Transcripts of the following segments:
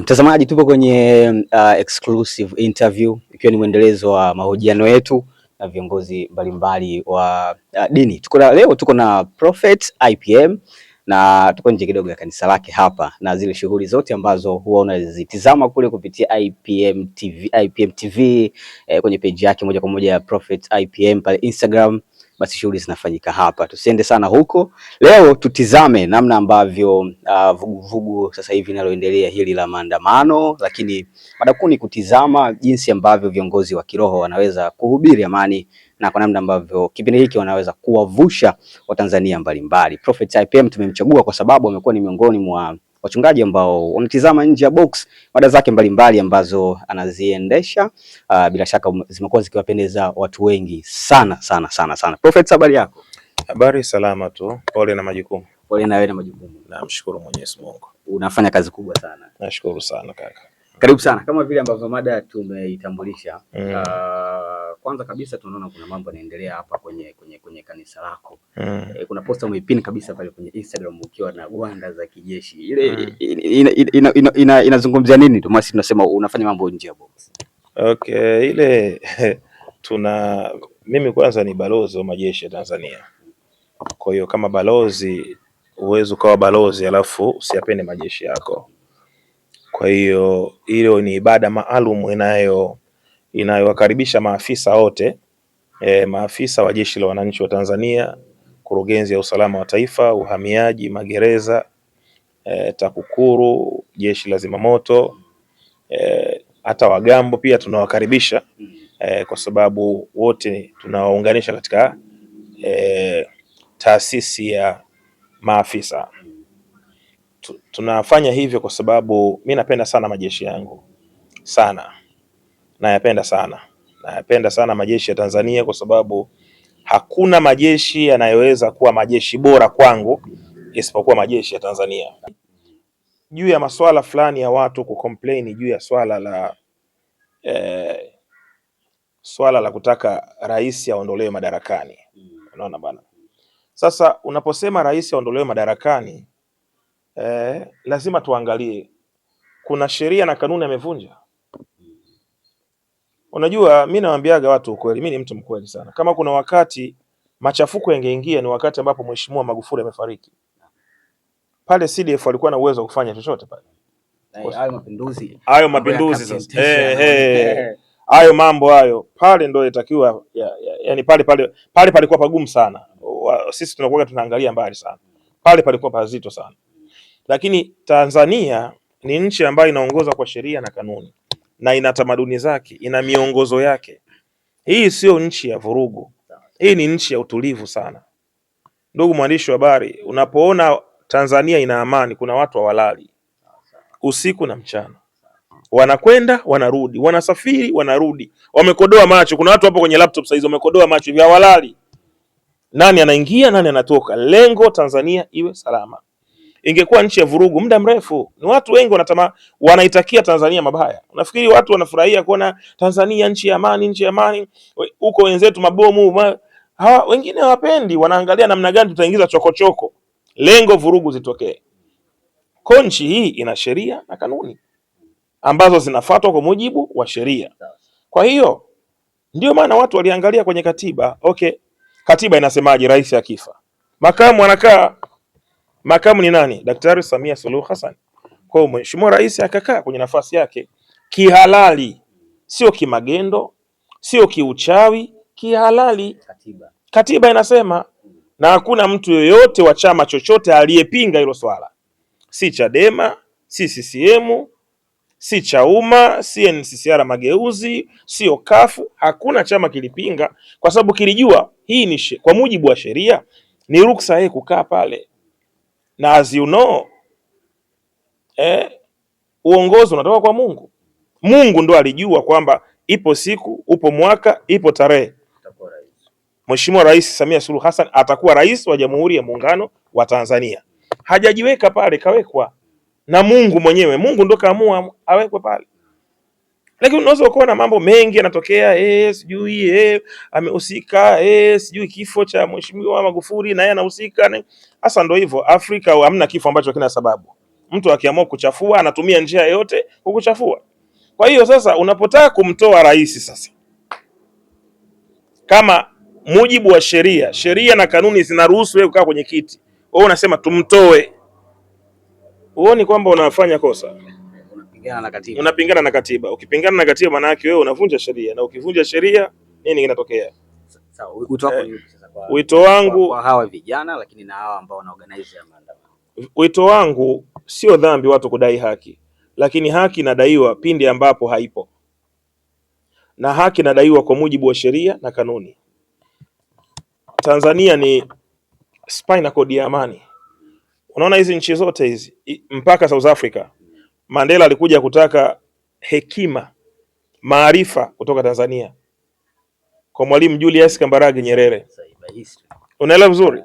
mtazamaji, tupo kwenye uh, exclusive interview ikiwa ni mwendelezo wa mahojiano yetu na viongozi mbalimbali wa uh, dini. Tuko na leo tuko na Prophet IPM na tuko nje kidogo ya kanisa lake hapa na zile shughuli zote ambazo huwa unazitizama kule kupitia IPM TV, IPM TV eh, kwenye page yake moja kwa moja ya Prophet IPM pale Instagram basi shughuli zinafanyika hapa. Tusiende sana huko. Leo tutizame namna ambavyo vuguvugu uh, sasa hivi linaloendelea hili la maandamano, lakini mada kuu ni kutizama jinsi ambavyo viongozi wa kiroho wanaweza kuhubiri amani na kwa namna ambavyo kipindi hiki wanaweza kuwavusha Watanzania mbalimbali. Prophet IPM tumemchagua kwa sababu amekuwa ni miongoni mwa wachungaji ambao wanatizama nje ya box mada zake mbalimbali ambazo anaziendesha. Uh, bila shaka zimekuwa zikiwapendeza watu wengi sana sana sana sana. Prophet, habari yako? Habari salama tu, pole na majukumu. Pole na wewe na majukumu. Namshukuru Mwenyezi Mungu, unafanya kazi kubwa sana. Nashukuru sana kaka. Karibu sana, kama vile ambavyo mada tumeitambulisha mm. uh, kwanza kabisa tunaona kuna mambo yanaendelea hapa kwenye, kwenye, kwenye kanisa lako mm. E, kuna posta umeipin kabisa pale kwenye Instagram ukiwa na gwanda za kijeshi ile mm. inazungumzia ina, ina, ina, ina nini? Ndio tunasema unafanya mambo nje ya box. Okay, ile tuna mimi kwanza ni balozi wa majeshi ya Tanzania, kwa hiyo kama balozi huwezi ukawa balozi alafu usiyapende majeshi yako. Kwa hiyo hilo ni ibada maalum inayo inayowakaribisha maafisa wote e, maafisa wa Jeshi la Wananchi wa Tanzania, Kurugenzi ya Usalama wa Taifa, Uhamiaji, Magereza, e, TAKUKURU, Jeshi la Zimamoto, e, hata wagambo pia tunawakaribisha e, kwa sababu wote tunawaunganisha katika e, taasisi ya maafisa. Tunafanya hivyo kwa sababu mi napenda sana majeshi yangu sana nayapenda sana, nayapenda sana majeshi ya Tanzania kwa sababu hakuna majeshi yanayoweza kuwa majeshi bora kwangu isipokuwa majeshi ya Tanzania. Juu ya masuala fulani ya watu ku juu ya swala la eh, swala la kutaka rais aondolewe madarakani. Unaona bana, sasa unaposema rais aondolewe madarakani eh, lazima tuangalie kuna sheria na kanuni amevunja Unajua, mi nawaambiaga watu ukweli, mi ni mtu mkweli sana. Kama kuna wakati machafuko yangeingia, ni wakati ambapo Mheshimiwa Magufuli amefariki. Pale CDF walikuwa na uwezo wa kufanya chochote pale, hayo mapinduzi, hayo mapinduzi sasa, eh eh, hayo mambo hayo pale ndio itakiwa ya, ya, yani pale pale pale palikuwa pagumu sana. Sisi tunakuwa tunaangalia mbali sana, pale palikuwa pazito sana, lakini Tanzania ni nchi ambayo inaongoza kwa sheria na kanuni na ina tamaduni zake, ina miongozo yake. Hii sio nchi ya vurugu, hii ni nchi ya utulivu sana. Ndugu mwandishi wa habari, unapoona Tanzania ina amani, kuna watu hawalali usiku na mchana, wanakwenda wanarudi, wanasafiri wanarudi, wamekodoa macho. Kuna watu hapo kwenye laptop saizi wamekodoa macho hivi, hawalali. Nani anaingia nani anatoka? Lengo Tanzania iwe salama ingekuwa nchi ya vurugu muda mrefu. Ni watu wengi wanatama, wanaitakia Tanzania mabaya. Unafikiri watu wanafurahia kuona Tanzania nchi ya amani, nchi ya amani, huko wenzetu mabomu ma... hawa wengine hawapendi, wanaangalia namna gani tutaingiza chokochoko, lengo vurugu zitokee. Kwa nchi hii ina sheria na kanuni ambazo zinafuatwa kwa mujibu wa sheria. Kwa hiyo ndio maana watu waliangalia kwenye katiba, okay, katiba inasemaje? Rais akifa makamu anakaa Makamu ni nani? Daktari Samia Suluhu Hassan. Kwa hiyo Mheshimiwa Rais akakaa kwenye nafasi yake kihalali, sio kimagendo, sio kiuchawi, kihalali. Katiba, katiba inasema, na hakuna mtu yoyote wa chama chochote aliyepinga hilo swala, si Chadema, si CCM, si Chauma, si NCCR Mageuzi, sio kafu. Hakuna chama kilipinga, kwa sababu kilijua hii ni kwa mujibu wa sheria ni ruksa yeye kukaa pale na as you know, eh, uongozi unatoka kwa Mungu. Mungu ndo alijua kwamba ipo siku, upo mwaka, ipo tarehe Mheshimiwa Rais Samia Suluhu Hassan atakuwa rais wa Jamhuri ya Muungano wa Tanzania. Hajajiweka pale, kawekwa na Mungu mwenyewe. Mungu ndo kaamua awekwe pale. Lakini unaweza ukawa na mambo mengi yanatokea, eh, sijui eh, amehusika eh, sijui kifo cha mheshimiwa Magufuli naye anahusika. Hasa ndio hivyo, Afrika hamna kifo ambacho kina sababu. Mtu akiamua kuchafua anatumia njia yoyote kukuchafua. Kwa hiyo sasa unapotaka kumtoa rais sasa, kama mujibu wa sheria, sheria na kanuni zinaruhusu wewe kukaa kwenye kiti, wewe unasema tumtoe, huoni kwamba unafanya kosa? Unapingana na katiba. Unapingana na katiba. Ukipingana na katiba maana yake wewe unavunja sheria na ukivunja sheria nini kinatokea? Sawa, wito wako ni sasa kwa Wito wangu kwa hawa vijana lakini na hawa ambao wana organize ya maandamano. Wito wangu sio dhambi watu kudai haki, lakini haki inadaiwa pindi ambapo haipo, na haki inadaiwa kwa mujibu wa sheria na kanuni. Tanzania ni spinal cord ya amani. Unaona hizi nchi zote hizi mpaka South Africa Mandela alikuja kutaka hekima, maarifa kutoka Tanzania kwa Mwalimu Julius Kambarage Nyerere. Unaelewa vizuri.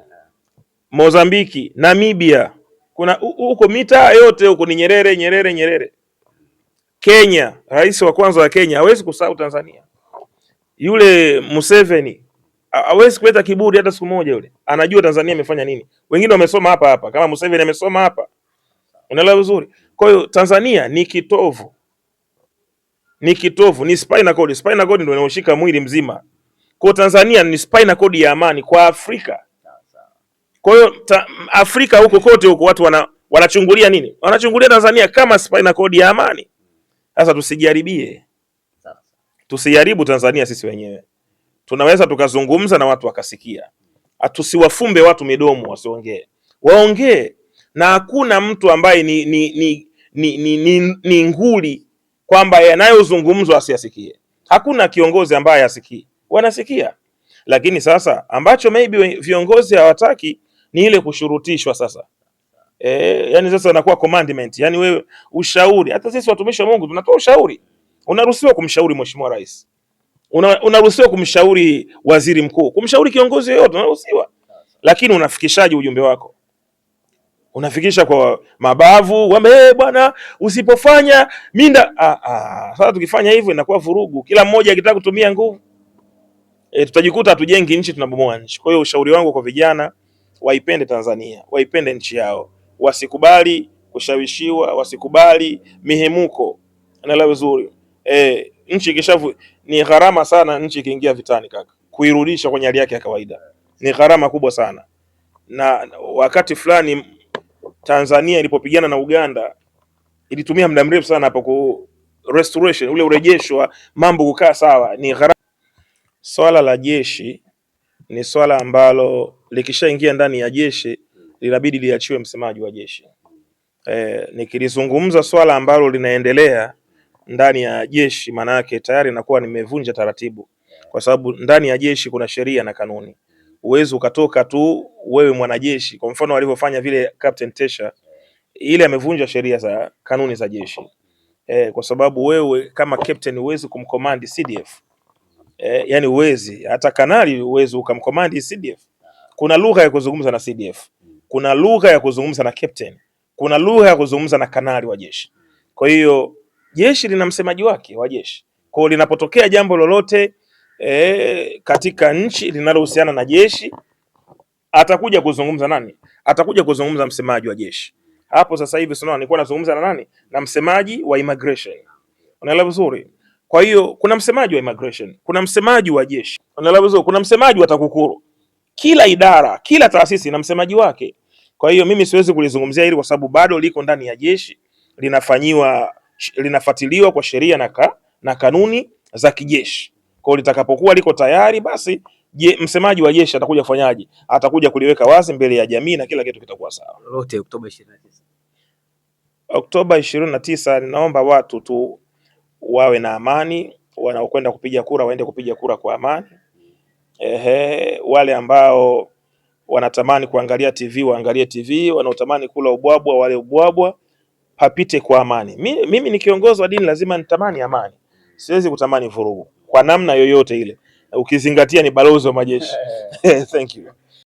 Mozambiki, Namibia, kuna huko mita yote huko ni Nyerere, Nyerere, Nyerere. Kenya, rais wa kwanza wa Kenya hawezi kusahau Tanzania. Yule Museveni hawezi kuleta kiburi hata siku moja. Yule anajua Tanzania imefanya nini. Wengine wamesoma hapa hapa, kama Museveni amesoma hapa. Unaelewa vizuri. Kwa hiyo Tanzania ni kitovu, ni kitovu, ni spina cord. Spina cord ndio inayoshika mwili mzima. Kwa Tanzania ni spina cord ya amani kwa Afrika. Kwa hiyo Afrika huko kote huko watu wana, wanachungulia nini? Wanachungulia Tanzania kama spina cord ya amani. Sasa tusijaribie, tusijaribu Tanzania sisi wenyewe. Tunaweza tukazungumza na watu wakasikia, tusiwafumbe watu midomo wasiongee, waongee na hakuna mtu ambaye ni ni ni ni, ni, ni, ni nguli kwamba yanayozungumzwa asiyasikie. Hakuna kiongozi ambaye asikii, wanasikia. Lakini sasa ambacho maybe viongozi hawataki ni ile kushurutishwa sasa. E, yani sasa inakuwa commandment, yani wewe ushauri. Hata sisi watumishi wa Mungu tunatoa ushauri. Unaruhusiwa kumshauri mheshimiwa rais, unaruhusiwa kumshauri waziri mkuu, kumshauri kiongozi yoyote unaruhusiwa, lakini unafikishaje ujumbe wako? unafikisha kwa mabavu wame, hey, bwana usipofanya minda. Ah, ah, sasa tukifanya hivyo inakuwa vurugu, kila mmoja akitaka kutumia nguvu e, tutajikuta hatujengi nchi, tunabomoa nchi. Kwa hiyo ushauri wangu kwa vijana, waipende Tanzania, waipende nchi yao, wasikubali kushawishiwa, wasikubali mihemuko. Naelewa vizuri e, nchi ikishavu ni gharama sana. Nchi ikiingia vitani, kaka, kuirudisha kwenye hali yake ya kawaida ni gharama kubwa sana, na wakati fulani Tanzania ilipopigana na Uganda ilitumia muda mrefu sana hapo ku restoration, ule urejesho wa mambo kukaa sawa. Ni gharama. Swala la jeshi ni swala ambalo likishaingia ndani ya jeshi linabidi liachiwe msemaji wa jeshi. E, nikilizungumza swala ambalo linaendelea ndani ya jeshi maana yake tayari nakuwa nimevunja taratibu, kwa sababu ndani ya jeshi kuna sheria na kanuni huwezi ukatoka tu wewe mwanajeshi, kwa mfano walivyofanya vile Captain Tesha, ile amevunja sheria za kanuni za jeshi eh, kwa sababu wewe kama captain uwezi kumcommand CDF eh, yani uwezi hata kanali uwezi ukamcommand CDF. Kuna lugha ya kuzungumza na CDF, kuna lugha ya kuzungumza na captain, kuna lugha ya kuzungumza na kanali wa jeshi. Kwa hiyo jeshi lina msemaji wake wa jeshi, kwa hiyo linapotokea jambo lolote e, katika nchi linalohusiana na jeshi atakuja kuzungumza nani? Atakuja kuzungumza msemaji wa jeshi. Hapo sasa hivi sio, nilikuwa nazungumza na nani? Na msemaji wa immigration, unaelewa vizuri. Kwa hiyo kuna msemaji wa immigration, kuna msemaji wa jeshi, unaelewa vizuri, kuna msemaji wa TAKUKURU. Kila idara, kila taasisi ina msemaji wake. Kwa hiyo mimi siwezi kulizungumzia hili kwa sababu bado liko ndani ya jeshi, linafanyiwa linafuatiliwa kwa sheria na, ka, na kanuni za kijeshi. Kwa litakapokuwa liko tayari, basi je, msemaji wa jeshi atakuja kufanyaje? Atakuja kuliweka wazi mbele ya jamii na kila kitu kitakuwa sawa. Lote Oktoba 29. Oktoba 29, ninaomba watu tu wawe na amani, wanaokwenda kupiga kura waende kupiga kura kwa amani. Ehe, wale ambao wanatamani kuangalia TV waangalie TV, wanaotamani kula ubwabwa wale ubwabwa, papite kwa amani. Mimi, mimi ni kiongozi wa dini, lazima nitamani amani, siwezi kutamani vurugu kwa namna yoyote ile, ukizingatia ni balozi wa majeshi. Eh. Thank you.